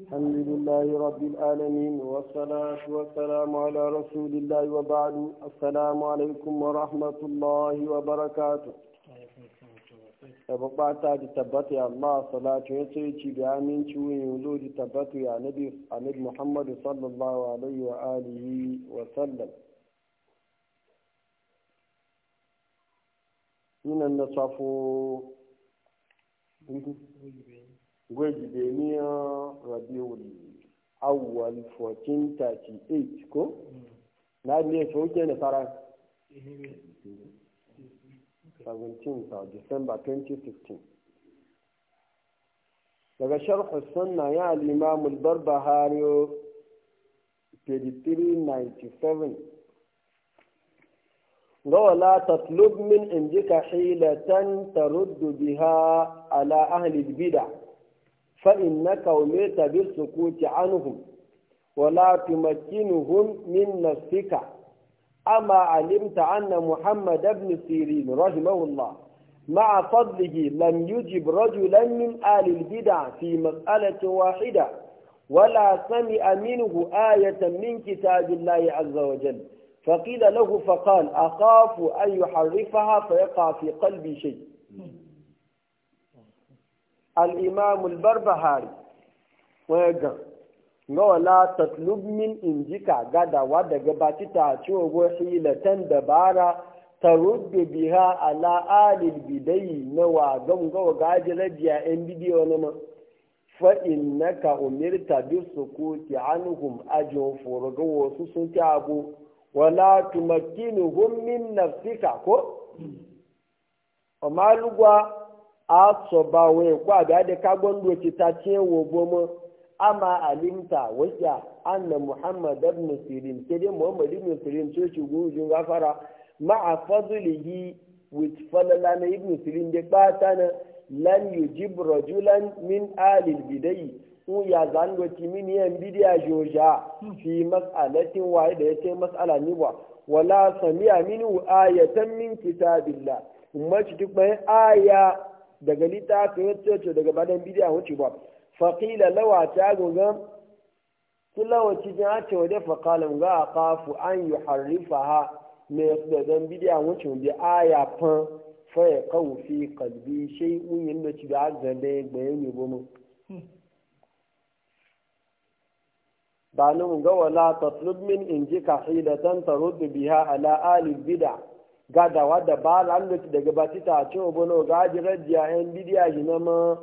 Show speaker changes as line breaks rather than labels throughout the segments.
الحمد لله رب العالمين والصلاة والسلام على رسول الله وبعد السلام عليكم ورحمة الله وبركاته tabbata da tabbata ya Allah salatu ya sai ci da aminci wuyin yulo da tabbata ya nabi Ahmad muhammadu sallallahu alaihi wa alihi wa sallam ina na safo gwaji beniyar rabiul awwal 1438 ko hmm. na ne sauke na fara 17 december 2015 daga sharh sunna ya al-imam al-barbahari 3397 ولا تطلب من عندك حيلة ترد بها على أهل bid'ah فإنك أمرت بالسكوت عنهم ولا تمكنهم من نفسك أما علمت أن محمد بن سيرين رحمه الله مع فضله لم يجب رجلا من آل البدع في مسألة واحدة ولا سمع منه آية من كتاب الله عز وجل فقيل له فقال أخاف أن يحرفها فيقع في قلبي شيء الإمام البربهاري gan, no wala tatlub min injika gadawa daga baci ta ci wa hilatan dabara ta rubbe biha ala alil bidai na wa gangawa gaji rajiya yan bidiyo na ma fa innaka umirta bi sukuti anhum ajin furuga wasu sun ci abu wala tumakkinuhum min nafsika ko amma lugwa asọba wee kwa ga ka kagon doki ta ce wo mo ama alimta wajja anna muhammad ibn sirin ke de muhammad ibn sirin ce shi gafara ma afadlihi with falala na ibn sirin da bata na lan yujib rajulan min ali bidai u ya zan doki min yan bidiya joja fi mas'alatin waye da yace mas'ala ni wa wala sami'a minhu ayatan min kitabillah umma ci duk aya daga lita yi wacce daga badan bidiya wuce ba faƙila lawa ta gogan su lawa cikin hace wa faƙalin ga a kafu an yi harifa ha mai da zan bidiya wuce bi aya fan faya kawo fi kalbi shai unyin da ci da zane gbayen yi bono ba nan ga wala tatlub min in ji ka hilatan tarudu biha ala alibida gadawa da ba langoci daga batita a cin obono ga ji rajiya yan bidiya shi na ma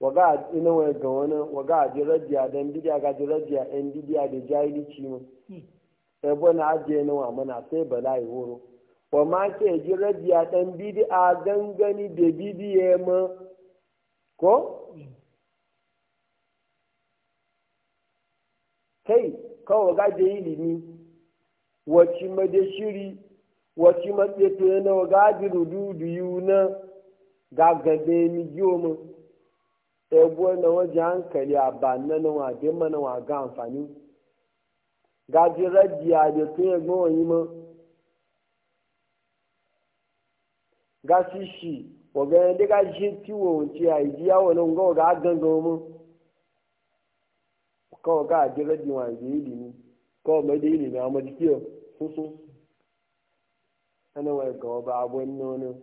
waga ina wani ga wani waga ji rajiya dan bidiya ga ji rajiya yan bidiya da jahilici mu ebo hmm. na ajiye na wa mana sai bala'i wuro wa ma ke ji rajiya dan bidiya gangani da bidiya ma ko hmm. kai kawai ga je ilimi wacce made shiri wacce matse to yana wa gaji rududu yiwu na gagade mi giyoma e ebuwa na waje hankali a ba na na wajen mana wa ga amfani gaji rajiya da tun ya gbawa yi ma gashi shi waga yadda gashi tiwo wuce a yi jiya wani ga waga gangan mu kawai ga ajiyar rajiya wa yi ilimi kawai mai da yi ilimi a majikiyo kusu ana wai ga wa ba abun nono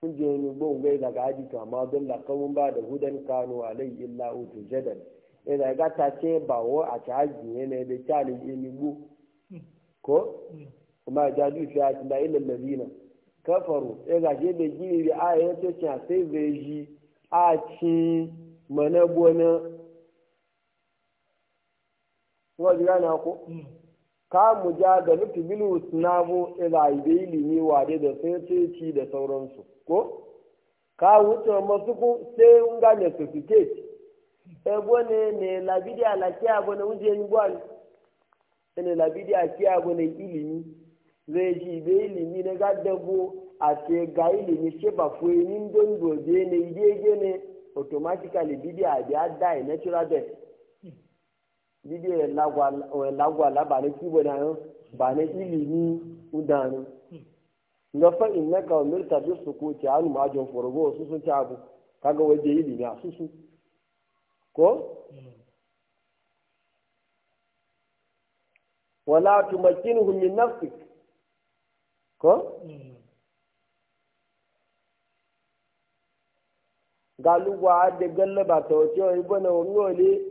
kun je ni bo gai daga aji to amma don da kawun ba da hudan kanu alai illa utu jadal ina eh, ga ta ce ba wo a ta aji ne ne da kyalin ini bu ko kuma ja jaju fi a da ilal ladina kafaru e ga je da gini da aya ta ce sai zai a ci mana bona ko ji gana ko ka mu ja da nufi bilu sunabu ila ilimi wade da sai da sauransu ko ka wuce masu ku sai un ga ne certificate e bone ne bidia la kia bone unje ni gwal e ne la bidia kia bone ilimi zai ji be ilimi ne ga dabo a te ga ilimi ce ba fu e ni don doje ne ide ne automatically bidi a da natural death bidiyo lagwala ba na kibo da nan ba na ilimi udanu na fa inna ka ta bi sukuti an majun furgo su sun ta abu kaga waje ilimi a susu ko wala tumakkinuhum min nafsik ko galuwa da gallaba ta wace wa ibana wani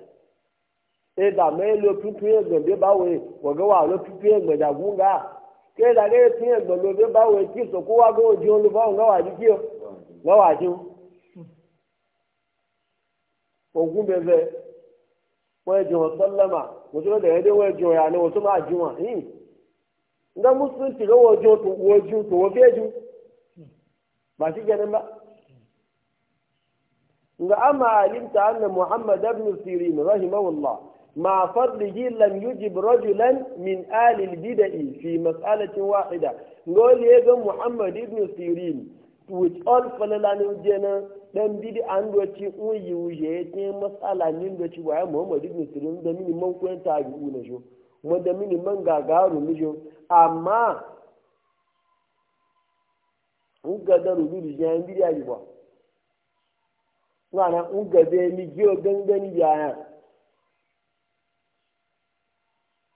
sai da mai lo fifiye gbe bawe waga wa lo da gunga ke ga lo be bawe ki so ko wa go ji olu ba nga wa ji ki o nga wa ji ogun bebe wọ́n ẹ̀jọ̀ sọ́lẹ́mà wọ́n tún lè dẹ́ẹ́dẹ́ wọ́n ẹ̀jọ̀ ya ni o muslim ti nga alimta anna muhammad ibn sirin مع فضله لم يجب رجلا من آل البدع في مسألة واحدة نقول يجب محمد بن سيرين which all falalanin jena dan bidi an doci un wuye ya ce matsala min doci waya muhammadu ibn sirin da mini man kuyan tabi'u na jo kuma da mini man gagaru na amma n gada rubi da jiyan bidi a yi ba na ni jiyo gangani yaya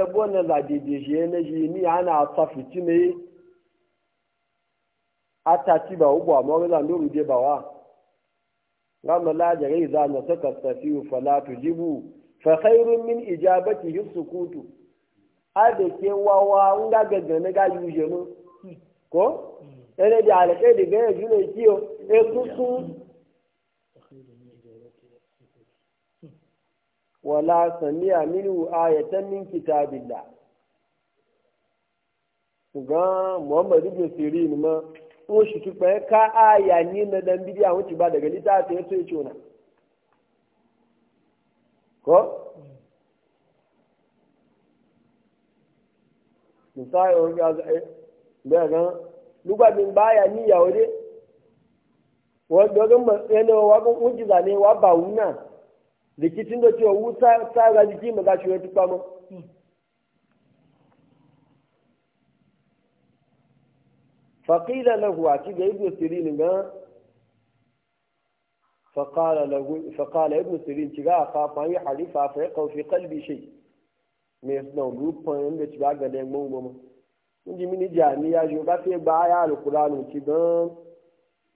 ebo na ladidi shi na shi ni ana ta fitine atati ba ugbo la lórí dé ba wa ramu lajare iza na saka safiyu ta tujibu fa khairun min ijabati yusukutu a da ke wawa n ga gaggane ga yuje mu ko hmm. ene da alƙai da gane juna o, e tutu wala sami'a minhu ayatan min kitabillah ga muhammadu bin sirin ma in shi tuba ya ka aya ni na dan bidiya wuce ba daga littafin ya ce na ko misali wani ga da ga bin baya ni ya wuri wani dogon matsayin da wakon ujiza ne wa ba wuna likitin da cewa wuta ta gaji jiki ma shi wata fama faƙila na huwa ci ga ibn sirin ga faƙala ibn sirin ci ga a fafa yi halifa fa ya ƙaufi kalbi shi mai suna rufin inda ci ba ga da yamman goma. Inji mini jami'a shi ba sai ba ya alƙuranu ci gan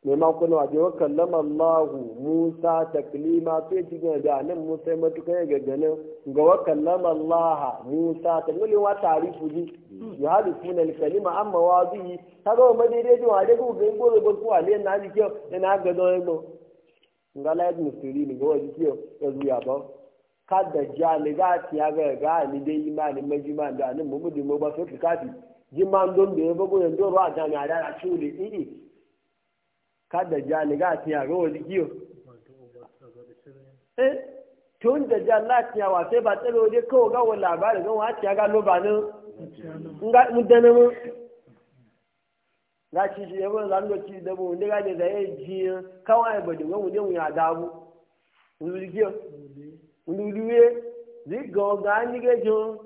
neman kuna waje wa kallama Allahu Musa taklima sai ci gina da nan Musa ya matuka ya gagganin ga wa kallama Allah Musa ta wa tarifu ji ya hadu kuna kalima amma wa yi ta ga ma ba na ji kiyo ina ga don yego ngala ya mustiri ni ga waje ya ba kada ga ti ya ga ga ni dai imani majima da nan mu mu ba so don da ya bago yanzu ba na da kada jali ga ti ya ga wali giyo eh tun da ti ya wa sai ba tsaro dai kawai ti nga mu ga ci ji yabo zan do da mu ne ga da ya ji kawai ba dinga mu ne mu ya dabu wuli zi go ga ni ga jo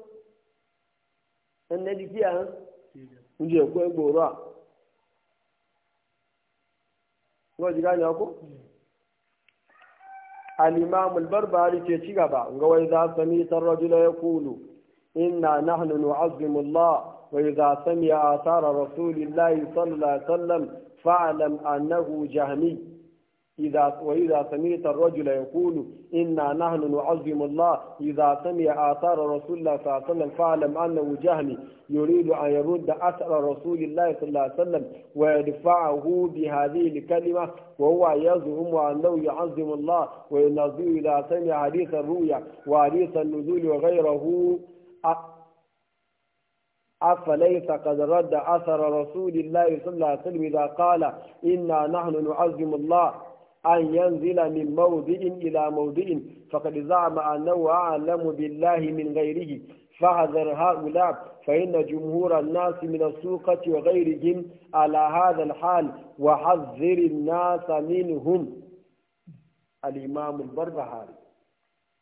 an ne wajen gane ku al-imam al-barbari ce ci gaba ga wai za sami tarrajula ya kulu inna nahnu nu'azzimu Allah wa idza sami'a athara rasulillahi sallallahu alaihi wasallam fa'lam annahu jahmi إذا وإذا سمعت الرجل يقول إنا نحن نعظم الله إذا سمع آثار رسول الله صلى الله عليه وسلم فاعلم أنه جهل يريد أن يرد أثر رسول الله صلى الله عليه وسلم ويدفعه بهذه الكلمة وهو يزعم أنه يعظم الله وينظر إذا سمع حديث الرؤيا وحديث النزول وغيره أفليس قد رد أثر رسول الله صلى الله عليه وسلم إذا قال إنا نحن نعظم الله أن ينزل من موضع إلى موضع فقد زعم أنه أعلم بالله من غيره فحذر هؤلاء فإن جمهور الناس من السوقة وغيرهم على هذا الحال وحذر الناس منهم الإمام البربهاري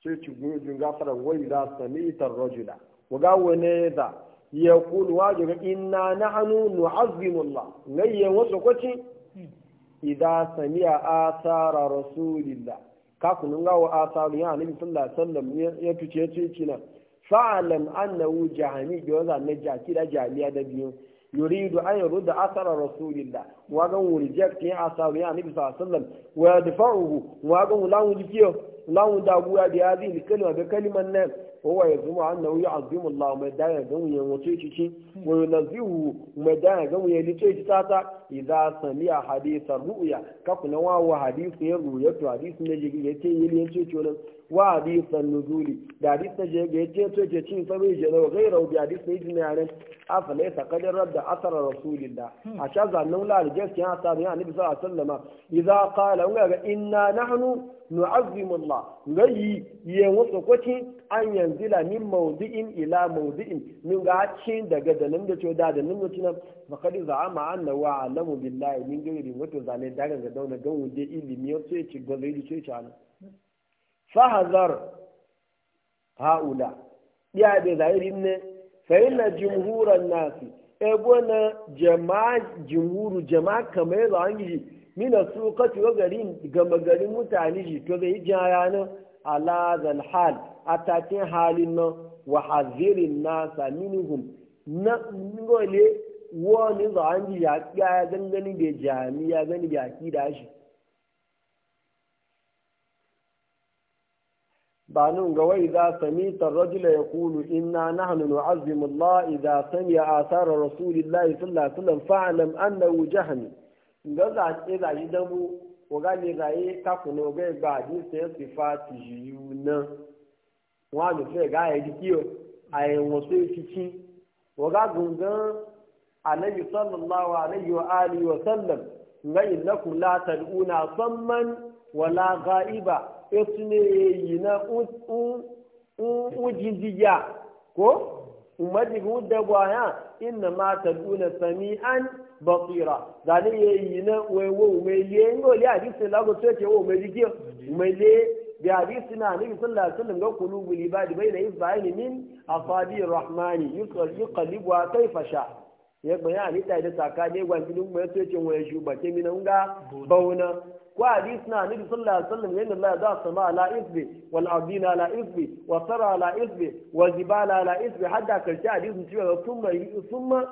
تجمعون غفرا وإذا سمعت الرجل وقال يقول واجب إنا نحن نعظم الله نيا وسكتي idza sami'a athara rasulillah ka kunun gawo asaru ya annabi sallallahu alaihi wasallam ya tuce ce kina fa'alam annahu jahani bi wanda na jaki da jamiya da biyu yuridu an yurda athara rasulillah wa ga reject ya atharu ya annabi sallallahu alaihi wasallam wa yadfa'uhu wa ga lawu dikiyo lawun da buya da ya zai kalma ga kalman nan wa ya zuma annahu ya'zimu Allah mai da ya gamu ya wato ciki wa yunazihu mai da ya gamu ya lice ci tata idza sami'a hadith ru'ya ka kuna wa wa hadith ya ru'ya to hadith ne jigi ya ce yili yace ci wannan wa hadith nuzuli da hadith ne jigi ya ce to ce cin sabai je da gairau da hadith ne jina yaran afalaysa qad radda athar rasulillah a sha zannu la aljas ya ta ne annabi sallallahu alaihi wasallama idza qala ga inna nahnu nu'azzimu Allah yi ye wasu kwaci an yanzila min mawdi'in ila mawdi'in min daga da nan da ce da da nan mutuna faqad za'ama anna wa alamu billahi min wato zane daga ga dauna gan wuje ilimi yace ya ci gwazo ya ce ana fahazar haula ya da zahirin ne fa inna jumhuran nasi ebona jama'a jumhuru jama'a kamar yanzu mina su wa gari gama garin mutane shi to zai jin ranar alazal hal a takin halin nan wa hazirin nasa minihum na ngole wani zan ji ya ya gangani da jami ya gani da akida shi ba nun ga wai za sami tarrajula ya kulu inna nahnu nu'azzimu Allah idza sami asara rasulillahi sallallahu alaihi wasallam fa'lam annahu jahannam nga da e yi oga ne za yi kafu na oga igba adi se si fa ti yi yu na wọn a lè fẹ ga ẹdi kí o àìwọn so efikin oga gungan anabi sallallahu alayhi wa alihi wa sallam nga innakum la tad'una samman wala ghaiba etune yi na un e un inna ma sami'an basira zane ya yi na wewo umele ngo ya wo bi hadisi na nabi sallallahu alaihi wasallam ga qulubu ibadi baina isba'in min asabi rahmani ya bayani ta da saka ne gwan وحديثنا عن النبي صلى الله عليه وسلم ان الله ذا السماء لا اثبه والارضين لا اثبه والثرى لا اثبه والجبال لا اثبه حتى كرشا حديث ثم ثم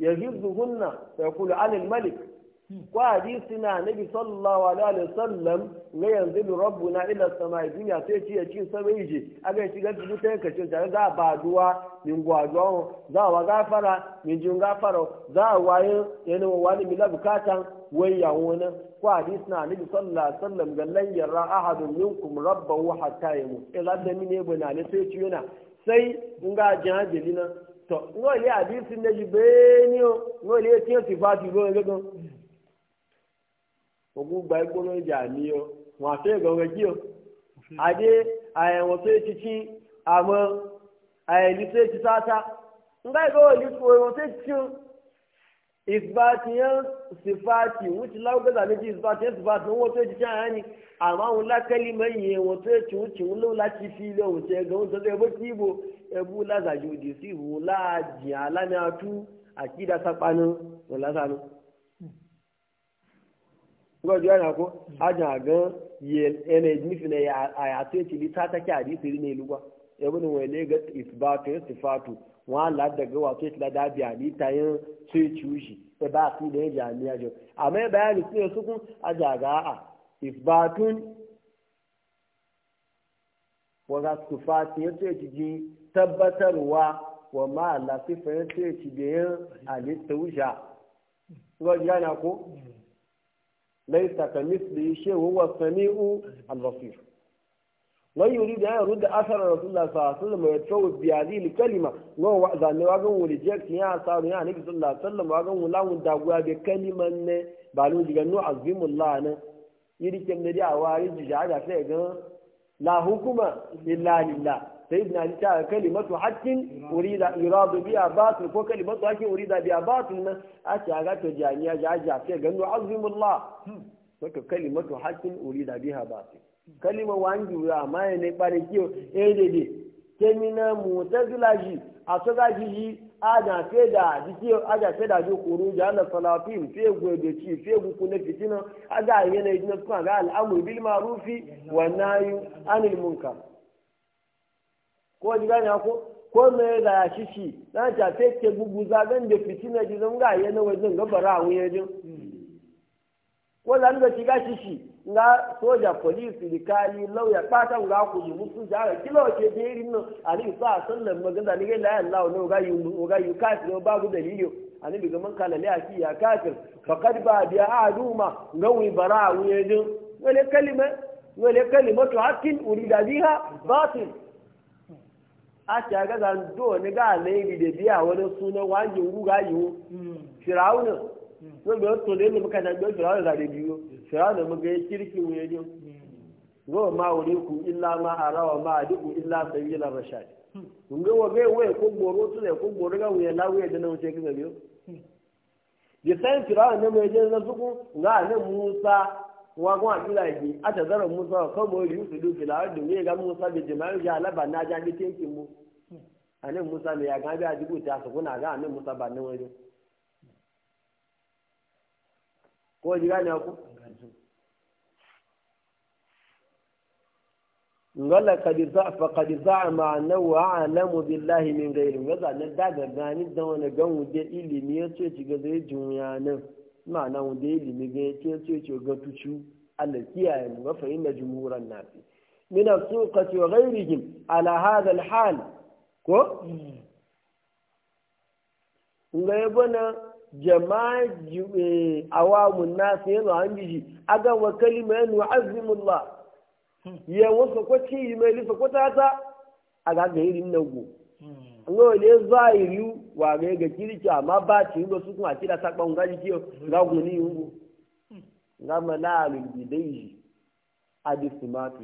يغزهن فيقول عن الملك ko hadisi na nabi sallallahu alaihi wasallam ne yanzu na ila samai duniya sai ci ya ci sabai ji aga ci ga dubu yanka kace da za ba duwa min gwajo za wa gafara min jin gafara za waye yana wani mila bukatan wai ya wona ko hadisi na nabi sallallahu alaihi wasallam gallan yarra ahadun minkum rabbahu hatta yamu ila e da mine bana ne sai ci yana sai in ga jahilina to ngoli hadisi ne ji beniyo ngoli ya ci sifati go ogun gba igbóná ìjà ní ọ wọn àti ìgbọ̀ngàn jí ọ adé àyẹ̀wò tó ti àmọ́ àyẹ̀lí tó ti sáta nga ìgbà wọ̀nyí fún ẹ̀wọ̀n tó ti tí ìsìbáàtì yẹn sìfáàtì wọn ti lágbèdà méjì ìsìbáàtì yẹn sìfáàtì wọn tó ti tí ni àmọ́ àwọn lákẹ́lì mẹ́yìn ẹ̀wọ̀n tó ti ń kuka ji yana ko aja gan yana nufi na a yato ce li ta take hadisi ne lugwa ibn wale ga isbatu istifatu wa la daga wato ta da bi ali ta yin sai ciushi e ba su da jami'a jo amma bayani sai su kun aja ga a isbatun wa ga sifati yace ji tabbatarwa wa ma la sifa yace ji ali tawja kuka ji yana ko mm. laisa ka misli shi huwa sami'u al-basir wani yuri da yana rudda asarar rasulullah sallallahu alaihi wasallam ya tsawo biyadi li kalima wa zanne wa gan wuri jek ya asaru ya nabi sallallahu alaihi wasallam wa gan wulawun daguwa be kaliman ne ba lu diga nu azimullah ne yiri kem da dia wari jija da sai gan la hukuma illa lillah sai na ji ta kalimatu haqqin urida iradu biya batil ko kalimatu haqqin urida biya batil nan a ce ga to jami'a ja ja sai gano azimullah wato kalimatu haqqin urida biha batil kalima wangi ya ma ne bare kiyo eh dede kemina mutazilaji asagaji aja feda dikiyo aja feda jo kuru ja na salafin fe gwede ci fe guku na fitina aja yana yi na kuma ga al'amur bil ma'rufi wa nahyu anil munkar ko ji gane ko ko me da ya shishi na ta fete ke za gan da fitina ji zan ga na wajen ga bara hu ya jin ko zan ga shiga shishi nga soja police likali lauya pata nga ku ji musu ga kilo ke je irin no ani sa sallan magana ni ga la Allah no ga yu ga yu kafir babu dalili ani bi man kala a ki ya kafir kad ba bi aduma ngawi bara hu ya jin wala kalima wala kalimatu haqqin urida batil ati aga ga do ne ga lebi da biya wani sunan wajin guga yiwu mm. firawuna mm. sun bai wato da yadda muka da biyo firawuna za biyu biyo firawuna mun ga kirkin wuya mm. ne zo ma wuri ku illa ma arawa ma duk illa sabila rashad hmm. mun ga wabe waye ko goro su ne ko goro ga wuya la wuya da nan ce biyo bi hmm. san firawuna ne mai jin na suku ga nan Musa wa kuma bila yi a ta zara musa wa mo yi su du fila ardu ne ga musa bi jama'u ya laba na ja ni tinki mu Ani musa ne ya ga bi a dubu ta su kuna ga anan musa ba nan wani ko ji gane ku ngala kadi za fa kadi za ma annahu a'lamu billahi min ghairi wa za nan daga gani da wani gan wuje ilimi ya yace ci ga zai juya nan ma na wanda ya limi ga ya ce ce ce ga tucu Allah kiyaye mu ga fahimta jumhuran nasi mina as-suqati wa ghayrihim ala hadha al-hal ko nga bana jama'a eh, awamun nas yanzu an biji aga wa kalima yan yu'azzimullah ya wasa kwaci mai lisa kwata ta aga ga irin nan go ngo le zairu wa ga ga kirki amma ba ci ngo su kuma kira sakba nga ji kiyo nga guni yungu nga malalu bidayi adisimatu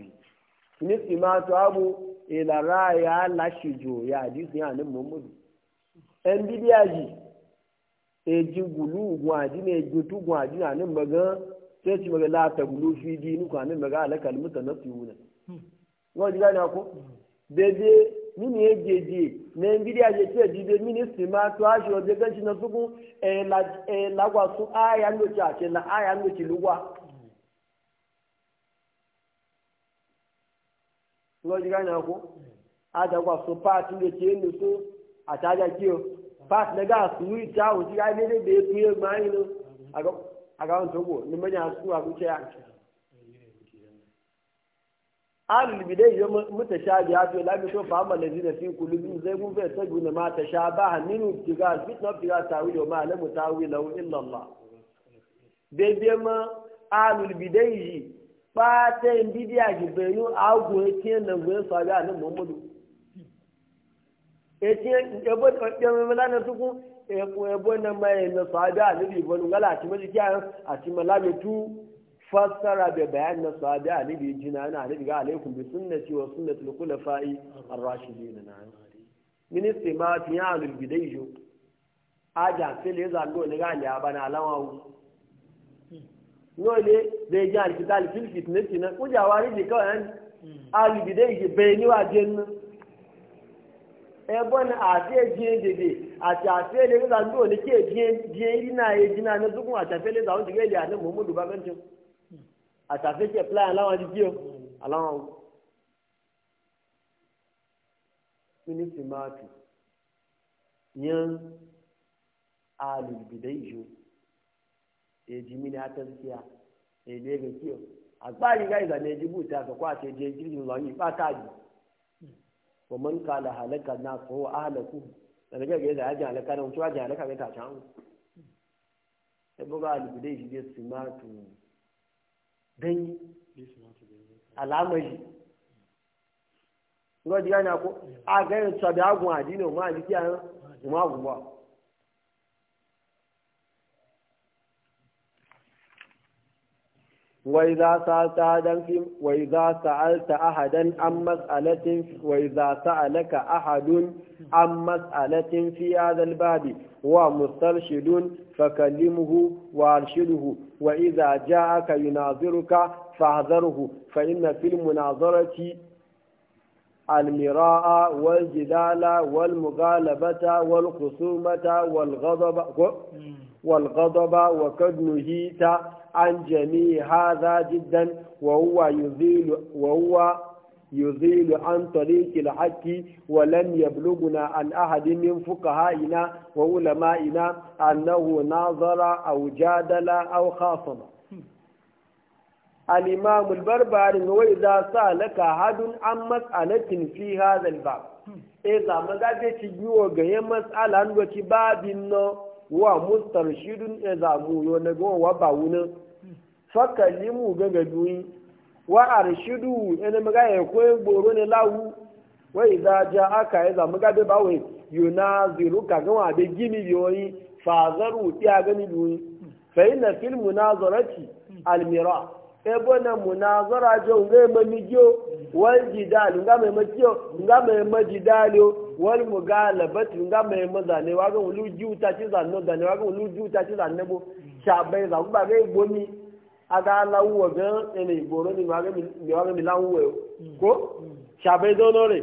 ni simatu abu ila e raya lashijo ya hadisi ya nan muhammadu en bidiyaji eji gulu gun adi ne eji tu gun adini anin maga sai ci maga la ta gulu fi dinu ko anin maga alaka almutanafiyuna hmm. ngo diga na ko hmm. dede mini ejeje na mbiri a eji ejibe ministry ma to ashi o jega na suku e la e la gwa su aya ndo cha che la aya na akwụ ada gwa su na ga su wi ahụ o jiga ne de etu tu ye ma yin aga aga on to go ni ya ahlul bidai ya mutashabi ya to lami to fa amal ladina fi qulubihim zaygun fa tajuna ma tashabaha min ibtiga fitna ibtiga tawil ma la mutawilu illa Allah dai dai ma ahlul bidai ba ta bidiya ji bayu ago yake nan gwe sabi a nan Muhammadu yake yabo da mala na tuku yabo nan mai na sabi a nabi bonu gala a ma majiki a ti malametu fassara bai bayan na sahabi alibi jina na alibi ga alaikum bi sunnati wa sunnati al-khulafa'i ar-rashidin na ministry ma fi ya alul aja sele ya zango ne ga ya bana alama nole da ya ji kitab fil fitnati na kuja wari bi kawai alul bidaijo bai ni wa jenna e bon a se jin dede a ta se le ga ne ke jin jin ina ye jina na dukun a ta fele zawo dige ya ne muhammadu babantin àtàfẹ́kẹ̀ pláyà láwọn adìgí o mm. aláwọn o mínísítì máa tù yan ìjọ èdè mi ni èdè èlé rẹ̀ kí o àgbáyé ìgbà ní ìdìbò tí a sọ̀kọ́ àti ẹ̀jẹ̀ ìdílé ńlọ yìí káàdì mm. mọ̀ ka àlàhálẹ́kà náà fún àhálẹ́kù ẹ̀rẹ́gẹ́gẹ́ ìlànà àjẹ́ àlẹ́kà náà wọ́n tún àjẹ́ àlẹ́kà danyi alamari ngo diga na ko a ga yin tsabi agun adini o ma ji kiyan o ma وإذا سألت أحدا في وإذا سألت أحدا عن مسألة وإذا سألك أحد عن مسألة في هذا الباب ومسترشد فكلمه وأرشده وإذا جاءك يناظرك فاحذره فإن في المناظرة المراء والجدال والمغالبة والخصومة والغضب والغضب وقد نهيت عن جميع هذا جدا وهو يزيل وهو يزيل عن طريق الحق ولم يبلغنا عن أحد من فقهائنا وعلمائنا أنه ناظر أو جادل أو خاصم الإمام البربري وإذا سألك أحد عن مسألة في هذا الباب إذا ما قد تجيوه مسألة وكباب النار wa mustarshidun ya zamu yo na go wa ba wuna fakalimu gaga duyi wa arshidu ene maga ya ko gboro ne lawu wa idza ja'aka ya zamu ga be bawe ka ga wa be gimi yoyi fazaru tiya gani duyi fa inna fil munazarati almira ebo na munazara jo nga mamijo wal jidal nga mai makiyo nga mai majidalo wal mugalabat nga mai mazane wa juta ci zanno zane juta ci zanne bo za ene ni mi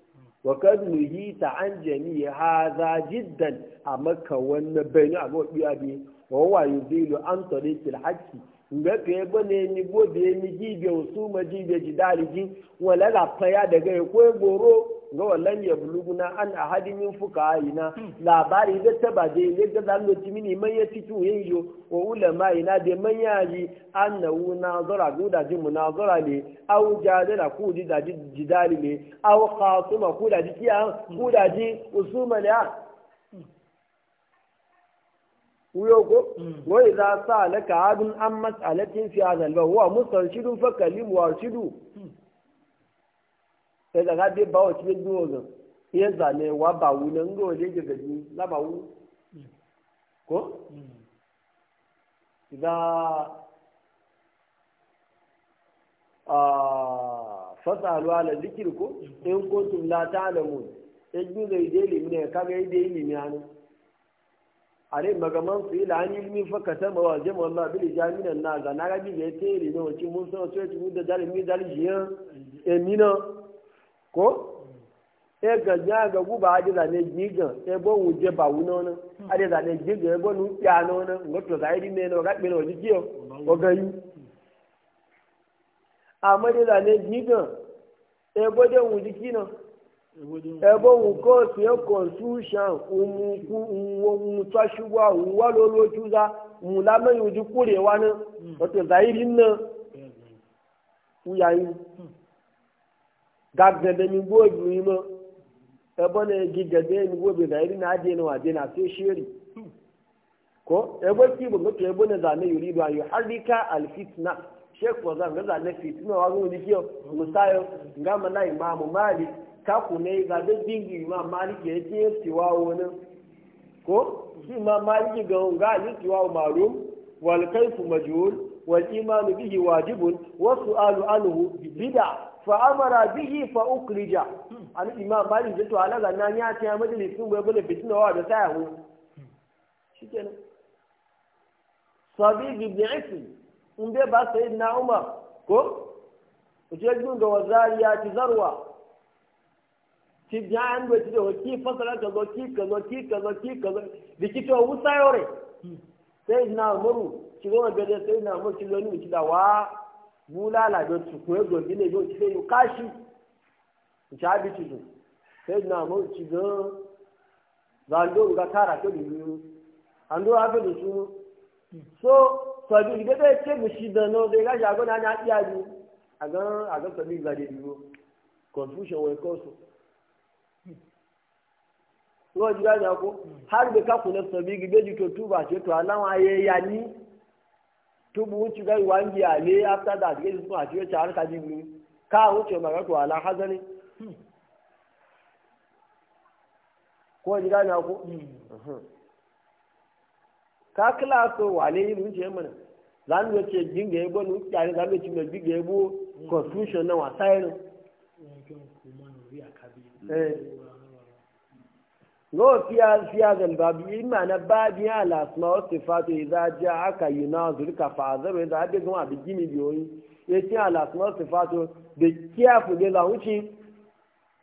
wa kad nuhita an jami'i hadha jiddan amma ka wannan bayani a go biya bi wa wa yuzilu an tariqil haqqi ka ni go be ni gibe wala la daga ko goro ga wallan ya na an a hadin fuka ina labari da taba da yadda zan lokaci mini man ya titu ya yi wa ulama ina da man ya yi an na wuna zara guda ji munazara ne au jadala ku ji daji jidali ne au khasuma ku da ji kiyan ku da ji usuma ne ويوكو وإذا سألك عبد عن مسألة في هذا الباب هو مسترشد فكلم sai da gabe ba wa cikin duwa ga iya zane wa ba wu nan ga waje ga gaji la ba wu ko da a fasalu ala zikir ko ko kuntum la ta ta'lamun ejju zai dai limne kaga yi dai limiyanu are magaman su ila an yi min ilmi fa katama wa jama Allah bil jaminan na ga na ga bi ga tele ne wacin mun san so ci mun da dalimi jiya ya emina ko e ganya ga guba adi da ne giga e bo wuje ba wuno na adi da ne giga e nu ya no na ngoto da iri ne no ga mi no jiyo o ga yi amadi da ne giga e bo de wuje kino e bo wu ko si e constitution umu ku uwo mu tsa shugwa uwa lo lo tuza mu la me yuji kurewa na ngoto hmm. da iri na uyayi hmm. da gaggada mi gobe yi ma ebe na gigade mi gobe da yi na aje na waje na sai shiri ko ebe ki bu ga ebe na zane yuri ba yu harika al fitna shek ko zan ga zane fitna wa mu dikiyo musayo ga mala imam malik ka ku ne ga da dingi imam malik ya ce tiwa wona ko shi imam ki ga nga yi tiwa malum wal kayfu majhul wal iman bihi wajibun wa alu-alu anhu bid'ah fa amara bihi fa ukrija an imam malik jato alaga nan ya ta majalisin goyi bane fitina wa da saya hu shikenan sabi bi isi in ba sai na umar ko ujejun da ya ti zarwa ti jan da ti da ki fasala ta go ki ka go ki ka go ki ka zo dikito wusa yore hmm. sai na umaru ki go ga da sai na umaru ki lo ni ki da wa mu lalabe tukun ya gobe ne yau sai yi kashi in ci abi ci zun sai na mu ci ga zando ga tara ke da yiwu an do haka da su so sabi ga da ce mu shi da no da ga jago na na iya du a ga a ga sabi ga da yiwu confusion wai koso ruwa ji gani ko har da ka kuna sabi ga ji to tuba ce to alawa ya yani tó bu wọn ti gáyìí wá ń after that yéé fún a ọjà àríkájí mi káàwọn ka o màgá tó àlá hásánì kó o ti gáyìí náà kó ká kíláàsì wà lé yìí ló ń tiẹ̀ mọ̀nà lánàá ló ti gbígbé ẹgbẹ́ ló ń tiẹ̀ àrí lánàá ló constitution náà go fiya fiya zan babu imma na babu ya lasma wa sifatu idza ja'aka yunazir ka fa azab idza abi gun abi gini biyoyi ya ti alasma wa sifatu de kiya fu de la wuci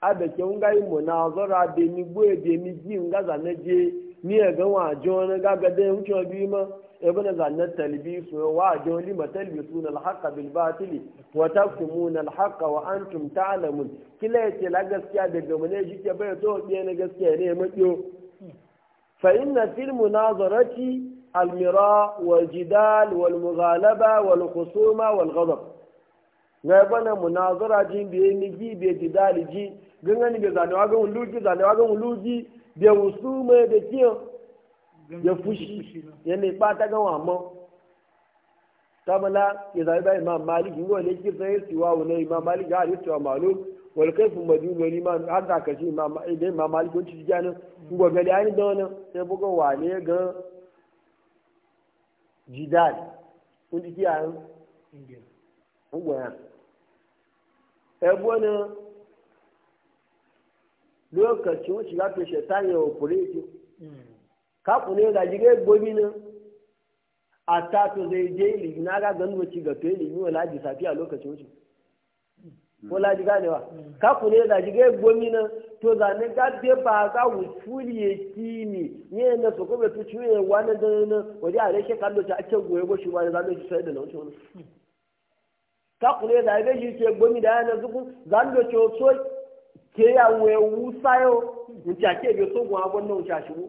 abe ke unga yi munazara de ni gwe de ni ji unga zanaje ni e gan wa jo na gaga de wuci ma ibn zannan talbisu wa jawli matalbisun alhaq bil batil wa taqtumun alhaq wa antum ta'lamun kila yace la gaskiya da gamane shi ke bai to biye na gaskiya ne makiyo fa inna fil munazarati almira wal jidal wal mughalaba wal khusuma wal ghadab ga bana munazara jin biye ni gi biye jidali ji gangani be zanewa ga wuluji zanewa ga wuluji biye usuma da kiyo ya fushi ya ne ɓata ga wamon kamala ya zaɓi ba imam malik yi wani kirta ya siwa wani imam malik ya halittu malu wani kaifin madina wani imam har da kashi idan imam malik wani cikin ganin gwagwale ya ni da wani sai buga wane ga jidal kun ji kiyayen ungwaya ẹgbọ́n ni lókàtí wọ́n ti rà pèsè táyà òpòrè ètò. kaku ne da gobi gomina a tato zai je ilimi na ga ganin wace ga fiye ilimi wa laji safiya lokacin wuce ko laji ganewa mm. kaku ne da jigai gomina to zane ga be ba ga wufuli ya kini ne na so kuma tu ya wani dana waje a rake kallo ta ake goye goshi wani zalo shi sai da na wuce wani mm. kaku ne da ga shi ke gomi da yana zuku zalo ce so ke ya wusayo in ta ake bi so gwa gwanna wuce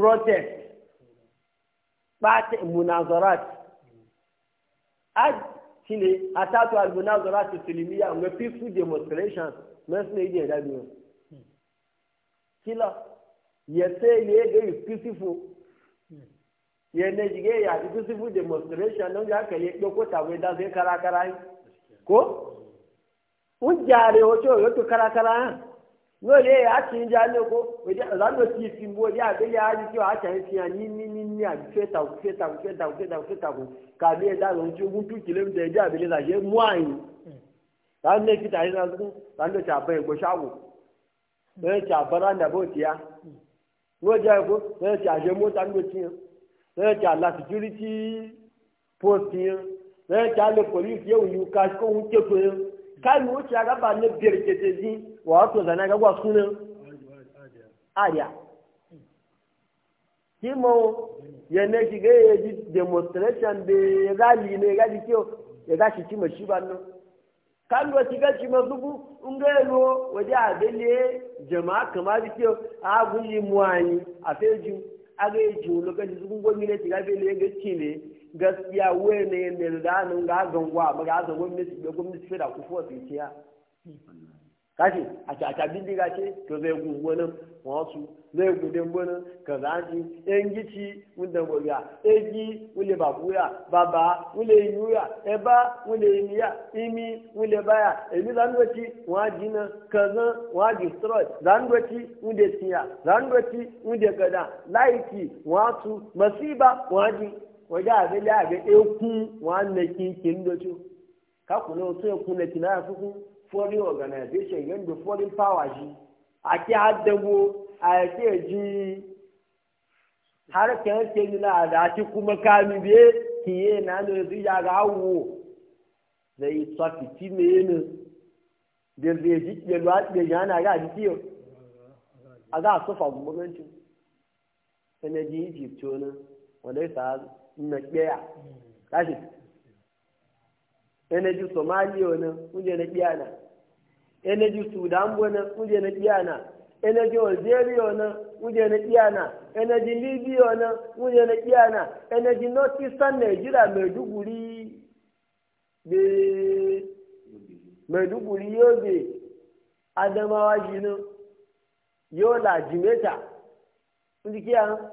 protest ɓata munazarat shine atatu tatu almunazarat filmiya nga peaceful demonstration na ije dabi yau kila ya peaceful jige ya peaceful demonstration nan ga aka yi ta tagwai da karakara kara ko? yóò lé àti ń já lóko òde àlọ́ tí fi ń bo òde àgbélé àti tí wàá tẹ̀ ń fi hàn ní ní ní ní àti fẹ́ta kò fẹ́ta kò fẹ́ta kò fẹ́ta kò fẹ́ta kò kàbí ẹ̀dá ló ń tí ogún tún kìlómítà ẹ̀dá àbílẹ̀ là ṣe mú àyìn láti lè fi tàyè náà sún láti lè tàbẹ̀ ẹ̀gbọ́ ṣáwò lẹ́yìn tí àbára ń dàbọ̀ tì á wọ́n jẹ́ ẹ̀kọ́ lẹ́yìn tí àṣẹ mọ́tà ń lò tì yẹn lẹ́yìn tí àlà security post yẹn police wato zana ga gwa ne? Aya. kimo ya ne ki ga ya ji demonstration da ya gali ne ya kiyo ya ga shi kima shi banu nan kan do ti ga shi mazubu in ga waje a bele jama'a kama ji kiyo a guji muani a feju a ga yi ji lokaci zugun gwamnati ga bele ga kine gaskiya wene ne da nan ga gangwa ba ga zan gwamnati ga gwamnati da ku fo su ciya kashi a caka bindiga ce to zai gun wani wasu zai gudun wani kazanci yan gici wunda goya egi wule ba kuya baba wule yuya eba wule niya imi wule baya emi zangoci wa jina kaza wa destroy zangoci wunde tiya zangoci wunde gada laiki wasu masiba waji wajen abin da abin ekun wa naki kin dojo kakuna otu ekun na kina ya fi foreign organization yan da foreign power shi a ke haddabo a ke har ka yanke yi na da shi kuma kami biye ki na da yanzu ya ga hawo zai yi ne yin da zai ji ke lwa da yana ga jiki yau a ga sofa gwamnatin sanaji egypt wani wanda ya sa na ɗaya kashi energy somalia wani kuje na biyana energy sudan wani kuje na biyana energy algeria wani kuje na biyana energy libya wani kuje na biyana energy north nigeria maiduguri be maiduguri yobe adamawa jinu yola jimeta kujikiya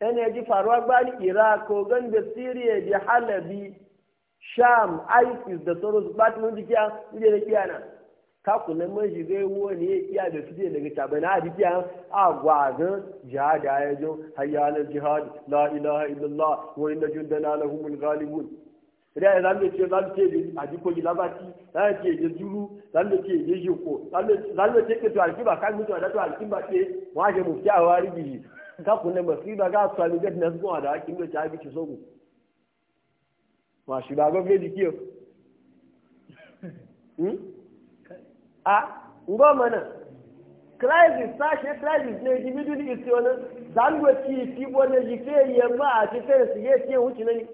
Ene ji faruwa gbani iraq ko da syria da halabi sham isis da sauransu ba ta mun jikiya inda na kiyana ka kula man zai yiwuwa ne ya kiya da fiye daga tabai na adikiya a gwazin jihada ya jo hayyalar jihad la ilaha illallah wa inna jundana al ghalibun idan ya zan ce zan ce a jikoki labati zan ce ya zulu zan ce ya jiko zan ce ke to alkiba kan mutu da to alkiba ce wa je mu kyawa ribi ka kunna masiba ga sami gadi na zuwa da hakin da ta bi ki sogo ma shi ba ga fe di kiyo hmm? a ngo mana crisis ta she crisis ne di middle east wala dan go ci ne, bona ji yamma a ci sai su ye ce wuce ne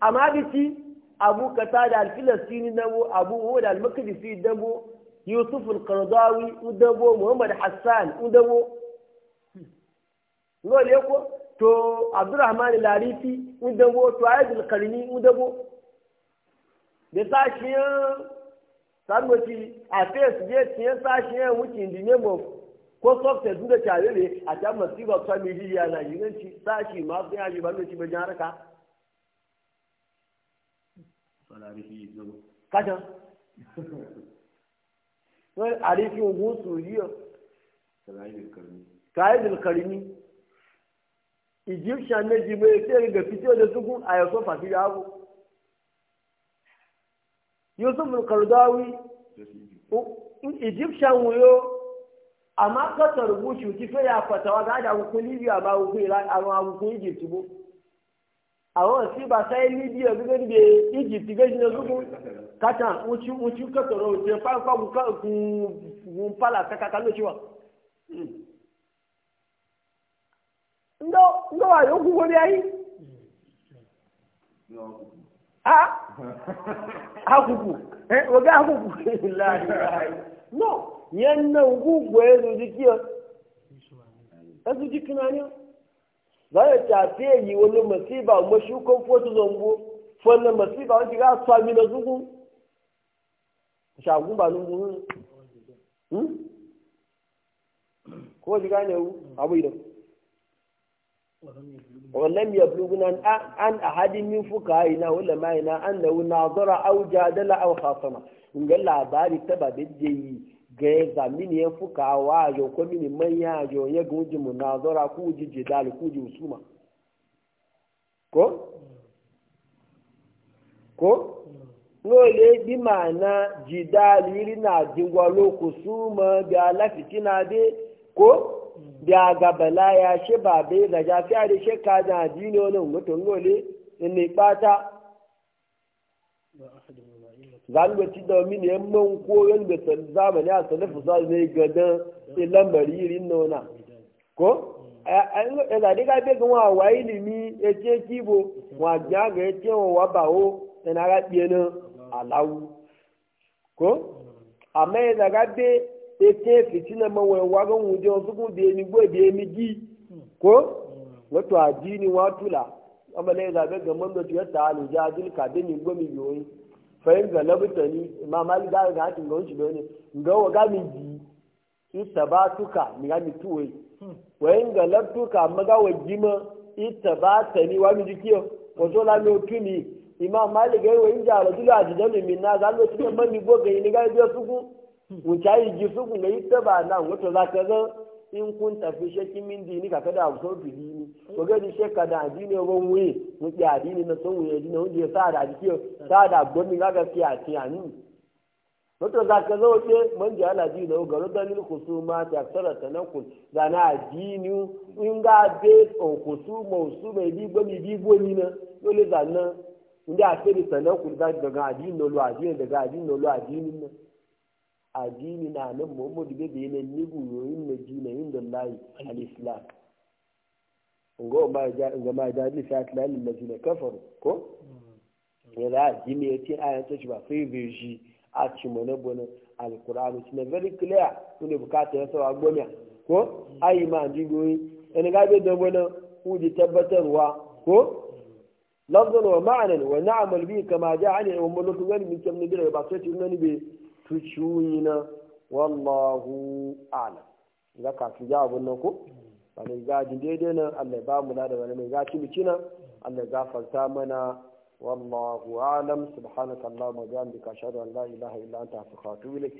amma bi ci abu da al-filastini dabo abu huwa al-maqdisi dabo yusuf al-qardawi dabo muhammad hassan dabo ngole ko to abdurrahman larifi udabo to aidul karni udabo da sashiyan sanwaci a fes je tiyan sashiyan which in the ko software duka tarire a can masifa family ya na yinanci sashi ma sun yaji ba mai bai jaraka kada wani arifin gusu yiyo kayi bilkarni egyptian méjì mo ṣe ga fiti ọjọ́ sókún da fàṣíyàwó yusuf kardawi egyptian wuyo àmọ́ kọ́tọ̀rọ̀ bush ti fẹ́ yà fàtàwà gáàdì àwùkú libya àbá àwùkú àwọn àwùkú egypt bó àwọn òsì bá sáyé libya gbogbo níbi egypt gẹ́jì ní ọdún kátà wọ́n ti kọ́tọ̀rọ̀ òṣèlú fáwọn ku kún pálá kákàtà lóṣù wa. ndo ndo wa yo ku gori ayi a akuku eh oga akuku la ilaha no yen na ngu gwezu dikio azu dikinanyo zaya ta te yi wani masiba mu shukan fotu zango fannin masiba wani ga mi na zugu shagun ba lungu hmm? ko ji gane abu idan ولم يبلغنا عن أحد من ولا ماينا أنه ناظر أو جادل أو خاصم إن قال لعباري تبا بجي جيزا من ينفقا واجو كمين من ياجو يقوج مناظرة كوج جدال كوج وسوما كو كو lole bi ma'ana jidali na jingwalo kusuma bi alafitina be ko ko mm. biya ga bala ya shi ba bai da e ja fiya da shi ka da dini wani mutum gole in ne bata zan ci da mini yan man ko da mm. zamani a salafu e sa ne gadan ilan baririn nona ko ẹ̀dà dígá gbégun wọn àwà ìlìmí etí kíbo wọn àgbàgbà etí wọn wà bàwó ẹ̀nà ara pìẹ́ náà àláwù kó àmẹ́ ẹ̀dà gbé ete fitina ma wai wagon wuje wasu kun biye ni gwe biye ni gi ko wato ni, wa tula amma lai zabe ga man da tiyar ta alu jadil ka da ni gwe mi yoyi fayin ga labita ni ma mali ga ga hatin ga do ni. Nga wa ga mi gi ita ba tuka ni ga mi tuwe hmm. wayin ga labtuka ma ga wa gima ita ba ta ni wa mi jikiyo wato la mi otuni imam mali ga yi wa inja aladulu ajidan mi na ga lo tuka ma mi gwe ga ni ga biya suku wuce yi ji su kuma yi taba na wato za ka zan in kun tafi shakki min dini ka kada a son fi dini ko gani shekka da addini ya wuye wuce na son wuye dini wanda sa da jiki sa da na ga gaskiya a tiyani wato za ka zau ce man ji ala ji lau ta tsara ta nan na addini in ga on su mai bi gwani bi gwani na dole na na addini na nan muhammadu bai da yanayin niguyoyin madina yin da layi al-islam ga ma da bisa atlalin madina kafaru ko ya da addini ya ce ayan shi ba sai bai shi a cimo na bonin alkur'anu shi na very clear wani bukata ya sawa gomiya ko mm. ayi ma jigoyi yana gabe da wani huji tabbatarwa ko mm. lafzan wa ma'anan wa na'amal bi kama ja'a ne wa mulku gani min kam ne bi ba sai ci ngani bi tushuyina wallahu ala ga kafin abun nan ko ba gaji daidai nan allah ba mu da wani mai gaci miki nan allah gafarta mana wallahu alam subhanaka allahumma bihamdika ashhadu an la ilaha illa anta astaghfiruka wa atubu ilayk